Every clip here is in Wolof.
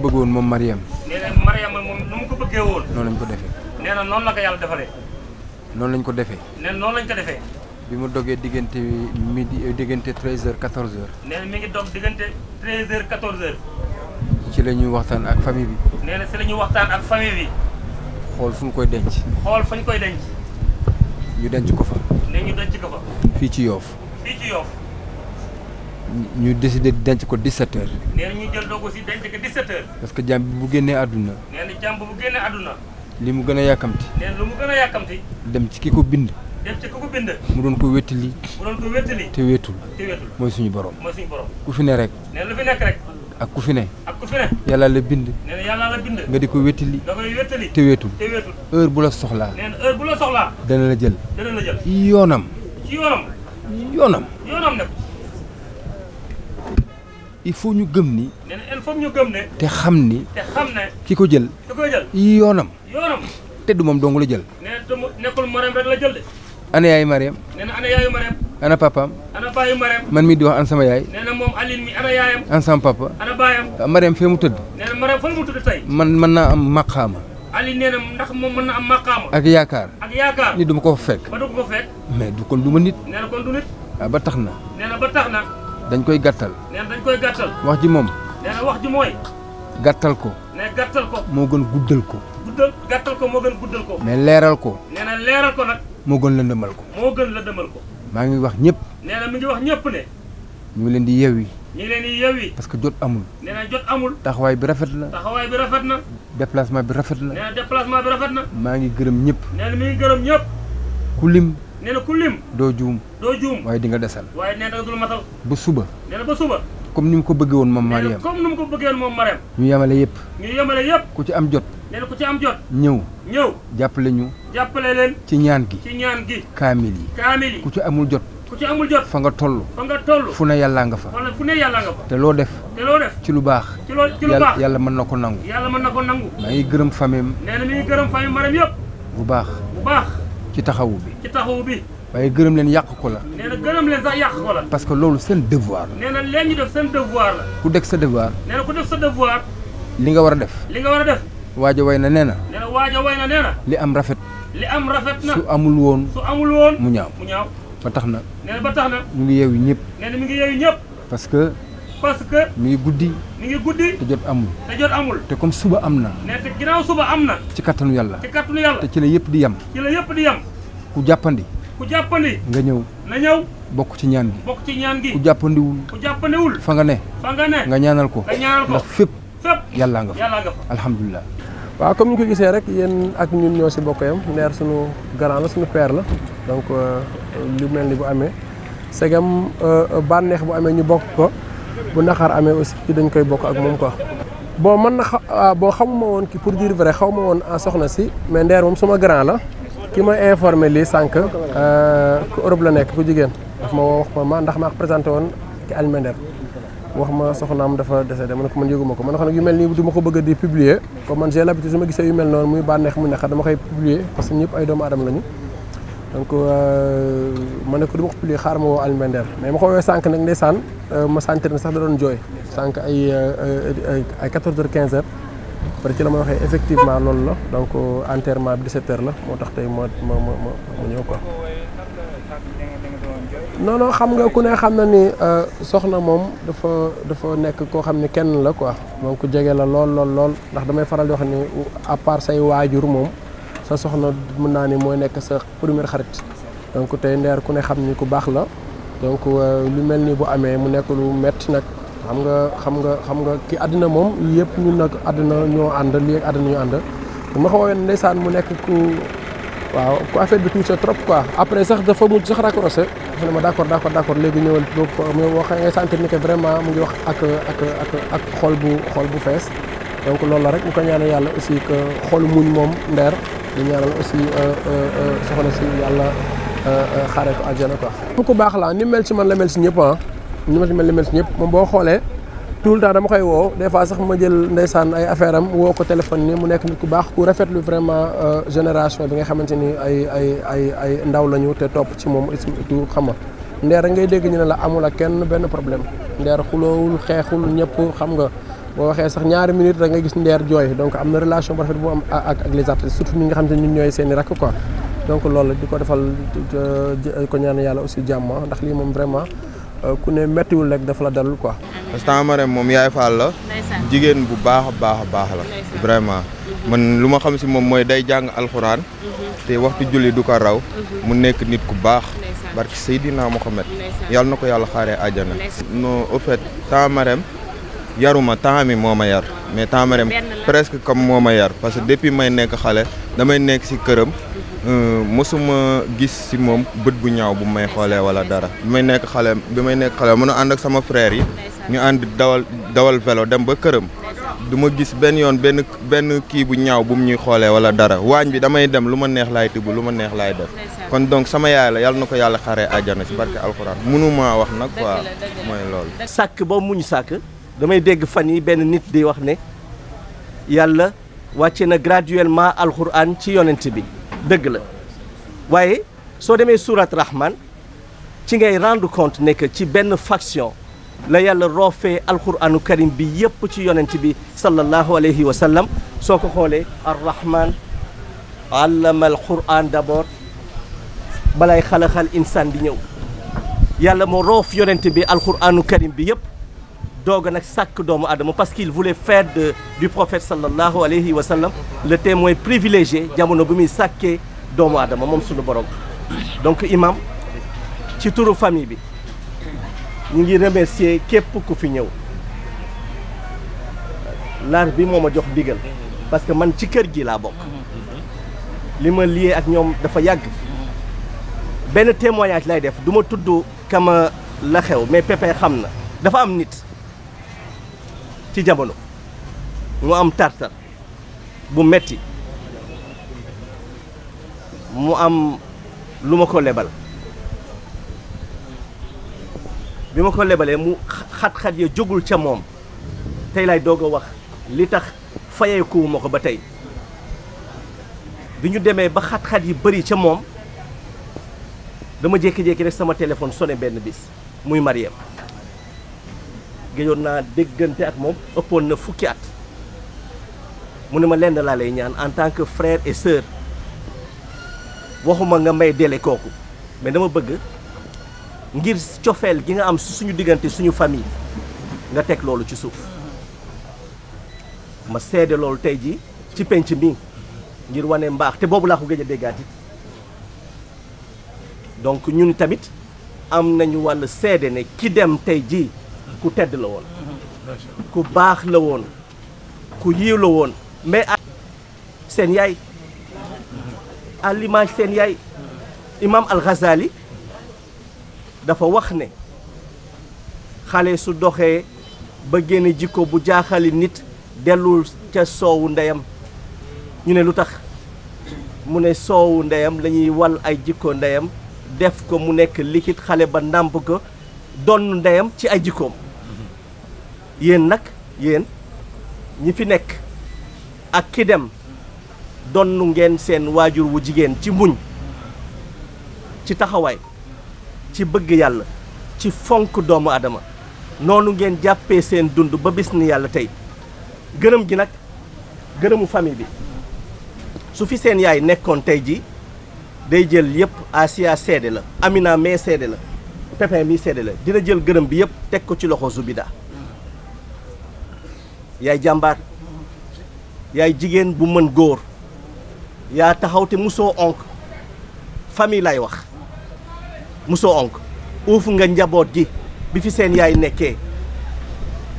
ko bëggee woon moom Mariam. nee na Mariam moom nu mu ko bëggee woon. noonu lañ ko defee. nee noonu la ko yàlla defalee. noonu lañ ko defee. nee noonu lañ ko defee. bi mu dogee diggante midi euh, diggante treize heures quatorze heures. nee na mi ngi dog diggante treize heures quatorze heures. ci la waxtaan ak famille bi. nee ci la ñuy waxtaan ak famille bi. xool fu ñu koy denc. xool fu ñu koy denc. ñu denc ko fa. nee ñu denc ko fa. fii ci yoof ñu décidé denc ko disseteur heures. ñu jël dogu si denc ko 17 parce que jàmm bu génnee àdduna. nee na bu génnee àdduna. li mu gën a yàkkamti. dem ci ki ko bind. dem ci ki ko bind. mu doon ko wétali. mu doon mooy suñu boroom ku fi ne rek. nee lu fi nekk rek. ak ku fi ne. ak ku fi ne. yàlla la bind. nee nga di ko wétali. da koy wétali. te wéetul. heure bu la soxlaa. dana la jël. yoonam. ci yoonam. yoonam. yoonam nag. il faut ñu gëm ni. nee na il gëm ne. te xam ni. kii ko jël. i yoonam. yoonam. te du moom dong la jël. nee na te mu nekkul Marème rek la jël de. ana yaayu Marème. nee na ana yaayu Marème. ana papaam. ana baayu Marème. man mii di wax an sama yaay. nee na moom Aline ana yaayam. an sama papa. ana baayam. Ah, Marème fee mu tëdd. nee na Marème fan mu tëdd tey. man mën naa am maqaama. Aline nee na maqaama. ak yaakaar. ak yaakaar ni du ma ko fa fekk. ba du mais du kon du ma nit. nee na kon du nit. Ah, ba tax na. dañ koy gàttal. nee dañ koy gàttal. wax ji moom. nee wax ji mooy. gàttal ko. nee gàttal ko. moo gën guddal ko. guddal ko mais leeral ko. nee leeral ko nag. moo gën lëndëmal ko. moo gën lëndëmal ko. maa ngi wax ñëpp. nee na ngi wax ñëpp ne. ñu leen di yeewi. ñu leen di yeewi. parce que jot amul. nee jot amul. taxawaay bi rafet na. taxawaay bi rafet na. déplacement bi rafet na. maa ngi gërëm ñëpp. nee na ngi gërëm ñëpp. ku lim. nee na ku doo juum. waaye di nga desal. waaye nee na dul matal. suba. nee na mu ko bëggee woon moom Mariam comme ni mu ko bëggee woon yemale yëpp ku ci am jot ñëw ñëw jàppale ñu jàppale leen ci ñaan gi ci ñaan gi ku ci amul jot ku ci amul jot fa nga toll fu ne yàllaa nga fa te loo def te loo def ci lu baax ci yàlla mën na ko nangu yàlla mën gërëm famille am nee gërëm famille Mariam yëpp bu baax ci taxawu bi ci waaye gërëm leen yàq ko la parce que loolu seen devoir la nee leen ñu def seen devoir la ku def sa devoir nee na li nga war a def li nga war a def waaja way na nee na li am rafet li am rafet na su amul woon su amul woon mu ñaaw ba tax na mu ngi yeewu ñëpp nee mu ngi yeewu ñëpp parce que parce que. mi ngi guddi. mi te jot amul. te jot amul. te comme suba am na. ne te ginnaaw suba am na. ci kattanu yàlla. ci kattanu yàlla. te ci la yëpp di yem. ci la yëpp di yem. ku jàppandi. ku nga ñëw. na ñëw. bokk ci ñaan gi. bokk ku jàppandiwul. fa nga ne. fa nga ñaanal ko. nga ndax fépp. fépp yàllaa nga fa yàllaa nga fa alhamdulilah. waaw comme ko gisee rek yéen ak ñun ñoo si bokk yam Nder suñu grand la suñu père la donc euh, lu mel ni bu amee segam euh, euh, bànneex bu amee ñu bokk ko bu naxaar amee aussi dañ koy bokk ak moom quoi. bon man na ah, boo xamuma woon ki pour dire vrai xaw ma woon ah, soxna si mais Nder moom suma grand la ki ma informe lii sànq euh, ku Europe la nekk ku jigéen daf ma wax ma woon ki Alioune Nder wax ma soxnaam dafa décédé ma ne ko man yëguma ko man xam ne yu mel nii du ko bëgg di publier comme man j'ai l'habitude su ma gisee yu mel noonu muy bànneex mu neex dama koy publier parce que ñëpp ay doomu aadama lañu. donc euh, ma ne ko du ma ko publier xaar ma wo Almender mais ma ko woowee sànq nag ndeysaan euh, ma sentir ne sax da doon jooy sànq ay euh, ay quatorze heures quinze heures par ci la ma waxee effectivement loolu la donc enterrement bi 17 heures la moo tax tey ma ma ma ma ñëw quoi. non xam nga ku ne xam na ni soxna moom dafa dafa nekk koo xam ne kenn la ko quoi ko jege la lool lool lool ndax damay faral di wax ni à part say waajur moom. sa soxna mën naa ni mooy nekk sa première xarit donc tey ndeer ku ne xam ni ku baax la donc euh, lu mel ni bu amee mu nekk lu metti nag xam nga xam nga xam nga ki àddina moom yëpp ñun nag àddina ñoo ànd lii ak àddina ñoo ànd ma xoolee ndeysaan mu nekk ku waaw ku affaire bi tuuti trop quoi après sax dafa mujj sax raccroché dafa ne ma d' accord d' accord d' accord léegi ñëwal wax ngay sentir ni que vraiment mu ngi wax ak ak ak ak xol bu xool bu fees donc loolu la rek mu ko ñaanal yàlla aussi que xol muñ moom ndeer di ñaanal aussi euh, euh, euh, soxna si yàlla xaaree ko àjjana quoi. bu ku baax la ni mel si man la mel si ñëpp ah ni mel si man ñëpp moom boo xoolee tout le temps dama koy woo des fois sax ma jël ndeysaan ay affaire am woo ko téléphone ni mu nekk nit ku baax ku rafetlu vraiment génération bi nga xamante ni ay ay ay ay ndaw lañu te topp ci moom ism tout xam nga ndeer ngay dégg ñu ne la amul ak kenn benn problème ndeer xuloowul xeexul ñëpp xam nga. boo waxee sax ñaari minute rek nga gis Nder jooy donc am na relation bu rafet bu am ak ak les artistes surtout ñi nga xam ne ñun ñooy seen i rakk ko donc loolu di ko defal ko ñaan yàlla aussi jàmm ah. ndax lii moom vraiment euh, ku ne méttiwul rek dafa la dalul ko parce que temps Marème moom yaay Fall la. jigéen bu baax a baax a baax la. vraiment man lu ma xam si moom mooy day jàng alxuraan. Mhm. te waxtu julli du ko raw. Mhm. mu nekk nit ku baax. barki Seydina Mohamed. yàlla na ko yàlla xaaree àjjana. non au fait temps Marème yaruma temps mi moo ma yar mais temps presque comme moo ma yar parce que depuis may nekk xale damay nekk si këram euh, mosuma gis si moom bët bu ñaaw bu mu may xoolee wala dara bi may nekk xale bi may nekk xale mën a ànd ak sama frère yi ñu ànd dawal dawal vélo dem ba këram du ma gis benn yoon benn benn kii bu ñaaw bu mu ñuy xoolee wala dara waañ bi damay dem lu ma neex laay tibb lu ma neex laay def kon donc sama yaay la yàlla na ko yàlla xaree àjjana si barke alxuraan mënuma wax nag quoi damay dégg fan yi benn nit di wax ne yàlla wàcce na graduellement alxuraan ci yonent bi dëgg la waaye soo demee surat rahman ci ngay rendre compte ne que ci benn faction la yàlla roofee alxuraanu karim bi yépp ci yonent bi sallallahu alayhi wa sallam soo ko xoolee arrahman allama alquran d'abord balay xalaxal insaan di ñëw yàlla moo roof yonent bi alxuraanu karim bi yépp doog nag sàkk doomu aadama parce qu'il voulait faire de du prophète sallallahu alayhi wa sallam le témoin privilégié jamono bi muy sàkkee doomu aadama moom sunu borom donc imam ci turu famille bi ñu ngi remercier képp ku fi ñëw lar bi moo ma jox ndigal parce que man ci kër gi laa bokk li ma lié ak ñoom dafa yàgg benn témoignage lay def du ma tudd kama la xew mais Pépin xam na dafa am nit ci jamono mu am tartar bu metti mu am lu ma ko lebal bi ma ko lebalee mu xat-xat ya jógul ca moom tey lay doog a wax li tax fayeekuwuma ko ba tey bi ñu demee ba xat-xat yi bëri ca moom dama jékki-jékki rek sama téléphone sonné benn bis muy Mariam géjoon naa déggante ak moom ëppoon na fukki at mu ne ma lenn laa lay ñaan en tant que frère et sœur waxuma nga may dele kooku mais dama bëgg ngir cofeel gi nga am suñu diggante suñu famille nga teg loolu ci suuf ma seede loolu tey ji ci penc mi ngir wane mbaax te boobu laa ko gëj déggaat it donc ñun tamit am nañu wàll seede ne ki dem tey jii ku tedd la woon ku baax la woon ku yiw la woon mais seen yaay à seen yaay imam al dafa wax ne xale su doxee ba génne jikko bu jaaxali nit dellul ca soowu ndeyam ñu ne lu tax mu ne soowu ndeyam lañuy wal ay jikko ndeyam def ko mu nekk likit xale ba ndàmp ko donn ndeyam ci ay jikkoom yéen nag yéen ñi fi nekk ak ki dem donnu ngeen seen waajur wu jigéen ci muñ ci taxawaay ci bëgg yàlla ci fonk doomu aadama noonu ngeen jàppee seen dund ba bis ni yàlla tey gërëm gi nag gërëmu famille bi su fi seen yaay nekkoon tey jii day jël yëpp Asia seede la Amina mais seede la Pépin mi seede la dina jël gërëm bi yëpp teg ko ci loxo Zubida yaay jàmbaar yaay jigéen bu mën góor yaa taxaw te musoo onk famille laay wax musoo onk uuf nga njaboot gi bi fi seen yaay nekkee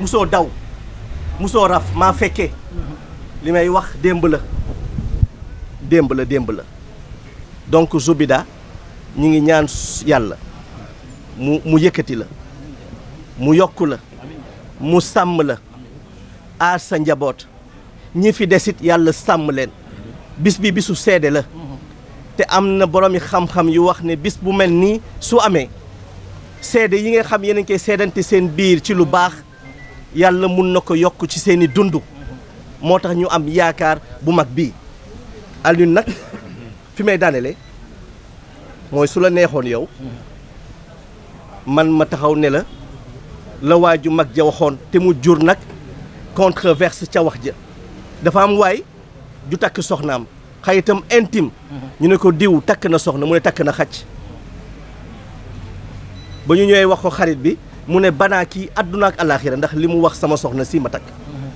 musoo daw musoo raf maa fekkee li may wax démb la démb la démb la donc Zubida ñu ngi ñaan yàlla mu mu yëkkati la mu yokk la mu sàmm la aar sa njaboot ñi fi desit yàlla sàmm leen bis bi bisu seede la te am na boroomi xam-xam yu wax ne bis bu mel nii su amee seede yi nga xam yéen a koy seedante seen biir ci lu baax yàlla mun na ko yokk ci seeni i dund moo tax ñu am yaakaar bu mag bii Alioune nag fi may daanele mooy su la neexoon yow man ma taxaw ne la la waaju mag ja waxoon te mu jur nag controverse ca wax ja dafa am waay ju takk soxnaam xayitam intime mhm. ñu ne ko diw takk na soxna mu ne takk na xàcc ba ñu ñëwee wax ko xarit bi mu ne banaa kii àdduna ak àllaaxira ndax li mu wax sama soxna si ma takk mhm.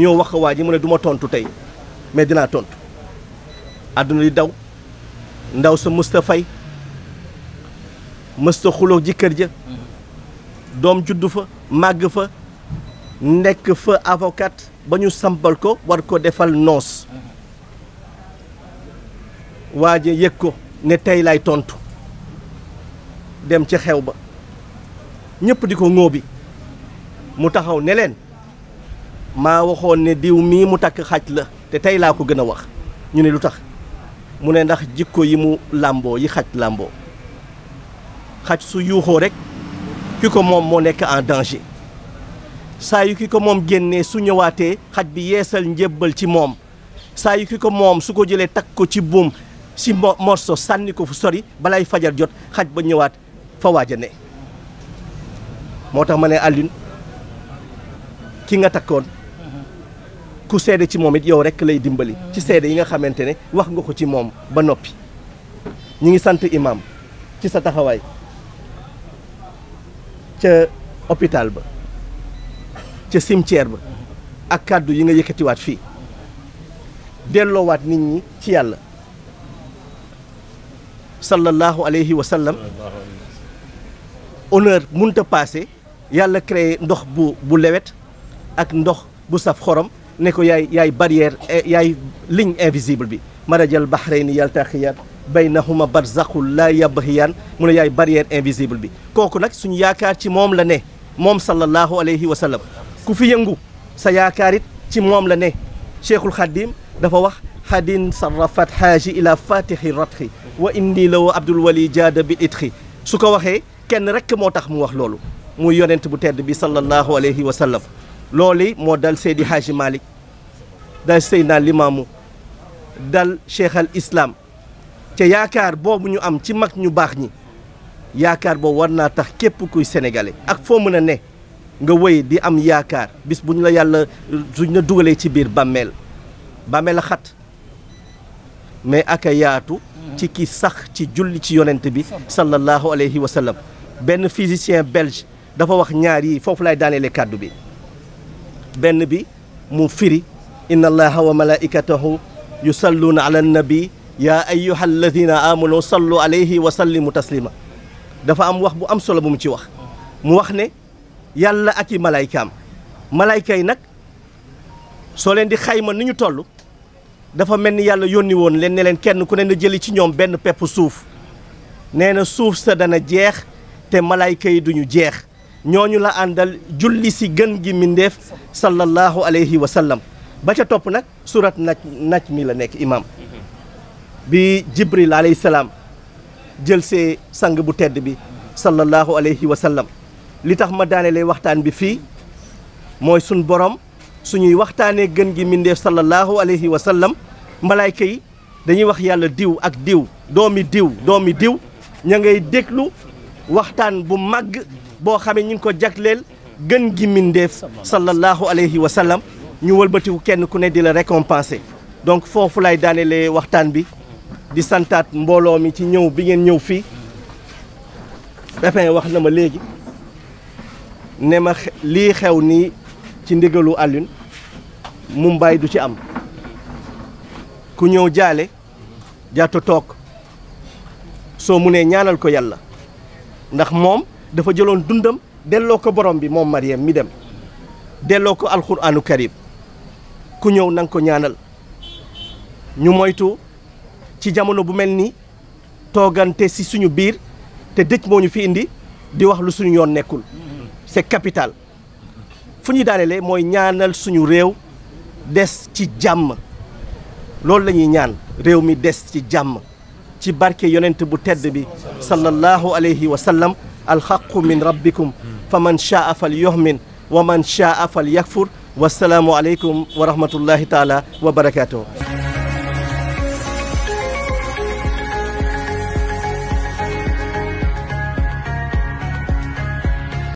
ñu ñëw wax ko waa ji mu ne duma tontu tey mais dinaa tontu àdduna di daw ndaw sa mësta fay mësta xuloo jëkkër ja mhm. doom juddu fa màgg fa nekk fa avocate ba ñu sampal ko war ko defal noos waa waaje yëg ko ne tey lay tontu dem ci xew ba ñëpp di ko ŋóobi mu taxaw neleen leen maa waxoon ne diw mii mu takk xaj la te tey laa ko gën a wax ñu ne lu tax mu ne ndax jikko yi mu làmboo yi xaj làmboo xaj su yuuxoo rek ki ko moom moo nekk en danger saa yu ki ko moom génnee su ñëwaatee xaj bi yeesal njébbal ci moom saa yu ki ko moom su ko jëlee takk ko ci buum si morso sànni ko fu sori balay fajar jot xaj ba ñëwaat fa waaj a ne moo tax ma ne Alioune ki nga takkoon ku seede ci moom it yow rek lay dimbali ci seede yi nga xamante ne wax nga ko ci moom ba noppi ñu ngi sant imam ci sa taxawaay ca hôpital ba ca cimetière ba ak kàddu yi nga yëkkatiwaat fii delloowaat nit ñi ci yàlla sallallahu alayhi wa sallam honneur munta passé yàlla créé ndox bu bu lewet ak ndox bu saf xorom ne ko yaay yaay barrière eh, yaay liñ invisible bi marajal bahrayni yaltaqiyaan baynahuma barzakhun laa yabghiyaan mu ne yaay barrière invisible bi kooku nag suñu yaakaar ci moom la ne moom sallallahu alayhi wa sallam ku fi yëngu sa yaakaar it ci moom la ne cheikhul xadim dafa wax xadin sarrafat xaaji ila fatihi ratxi wa indi law abdul wali jaada bi itxi su ko waxee kenn rek moo tax mu wax loolu muy yonent bu tedd bi sallallahu alayhi wa sallam loolu moo dal Seydi Haaji Malick dal Seydina Limaamu dal cheikh islaam islam ca yaakaar boobu ñu am ci mag ñu baax ñi yaakaar boobu war naa tax képp kuy sénégalais ak foo mën a ne nga wëy di am yaakaar bis bu ñu la yàlla suñ la dugalee ci biir bàmmeel bàmmeel a xat mais aka ci kii sax ci julli ci yonent bi sallallahu alayhi wa sallam benn physicien belge dafa wax ñaar yi foofu lay daaneele kàddu bi benn bi mu firi inna allaha wa malaikatahu yusalluuna ala nabi yaa ayyuha alladina amanu sallu alayhi wa sallimu taslima dafa am wax bu am solo bu mu ci wax mu wax ne yàlla ak i malaykaam malayka yi nag soo leen di xayma ni ñu toll dafa mel ni yàlla yónni woon leen ne leen kenn ku ne na jëli ci ñoom benn pepp suuf nee na suuf sa dana jeex te malayka yi duñu jeex ñoo ñu la àndal julli si gën gi mindeef sallallahu alayhi wa sallam ba ca topp nag surat naj naj mi la nekk imam bi jibril alayhi salaam jël see sang bu tedd bi sallallahu alayhi wa sallam li tax ma daanelee waxtaan bi fii mooy suñ borom suñuy waxtaanee gën gi mindeef sallallahu alayhi wa sallam malaayka yi dañuy wax yàlla diw ak diw doomi diw doomi diw ña ngay déglu waxtaan bu màgg boo xamee ñu ngi ko jagleel gën gi mindeef sallallahu alayhi wa sallam ñu wëlbatiwu kenn ku ne di la récompenser donc foofu lay daanelee waxtaan bi di santaat mbooloo mi ci ñëw bi ngeen ñëw fii Pépin wax na ma léegi ne ma lii xew nii ci ndigalu Alioune Mumbaay du ci am ku ñëw jaale jaato toog soo nee ñaanal ko yàlla ndax moom dafa jëloon dundam delloo ko borom bi moom Mariam mi dem delloo ko alxuraanu karim ku ñëw na ko ñaanal ñu moytu ci jamono bu mel ni toogante si suñu biir te dëj moo ñu fi indi di wax lu suñu yoon nekkul c'est capital fu ñuy daanelee mooy ñaanal suñu réew des ci jàmm loolu la ñuy ñaan réew mi des ci jàmm ci barke yonent bu tedd bi sallallahu alayhi wa sallam alxaqu min rabbikum fa man chaa fal yuhmin wa man chaa fal yakfur wasalaamu aleykum wa rahmatullahi taala wa barakaatuhu